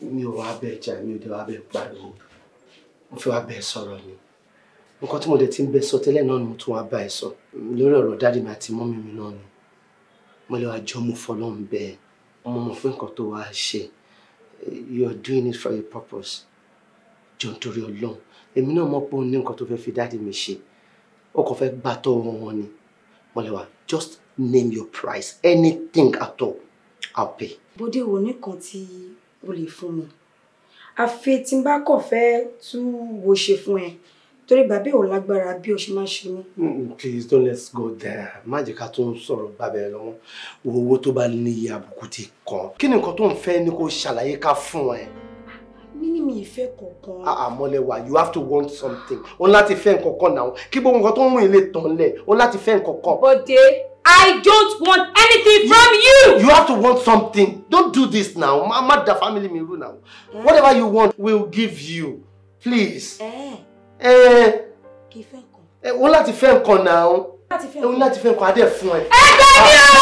mi ò wá bẹ́ẹ̀ jà mi ò dé wá bẹ́ẹ̀ pariwo mo fi wá bẹ́ẹ̀ sọ̀rọ̀ ni nǹkan tí mo dẹ̀ ti ń bẹ sọ tẹ́lẹ̀ náà ni mo tún wá bá ẹ sọ lórí ọ̀rọ̀ dáàdì mi àti mọ́mí mi náà ni mo lè wá jọ mo fọlọ́run bẹ́ẹ̀ mo fún nǹkan tó wá ṣe you are doing it for a purpose jọ nítorí ọlọ́run èmi náà mọ̀ pé ó ní nǹkan tó fẹ́ fi dáàdì mi ṣe ó kàn fẹ́ gbà tọ́ wọn ni mo lè wá just name your price anything at all I'll pay. bóde wo nìkan tí o lè fún mi àfi tí n bá kọ̀ fẹ́ tú wo ṣe fún ẹ torí bàbá ò lágbára bí o ṣe máa ṣe mí. please don't let's go there má jẹ́ ká tó ń sọ̀rọ̀ bàbá ẹ lọ́wọ́ owó tó bá ní iye àbùkù ti kàn kí ni nǹkan tó ń fẹ́ ni kó ṣàlàyé ká fún ẹ. mi ni mi ìfẹ́ kọ̀ọ̀kan. àmọ́lẹ́wà ah, ah, you have to want something o láti fẹ́ nǹkan kan náà kí gbogbo nǹkan tó ń rìn lè tán lẹ̀ o láti fẹ́ nǹkan kan. bọ́dé I don't want anything you, from you. You have to want something. Don't do this now. Mama the family mi now. Eh. Whatever you want, we'll give you. Please. Eh. Eh. Kì í Eh, wọ́n láti fẹ́ now. Láti fẹ́ nǹkan. Eh, wọ́n láti fẹ́ nǹkan adé fún ẹ. Ẹ gbẹ́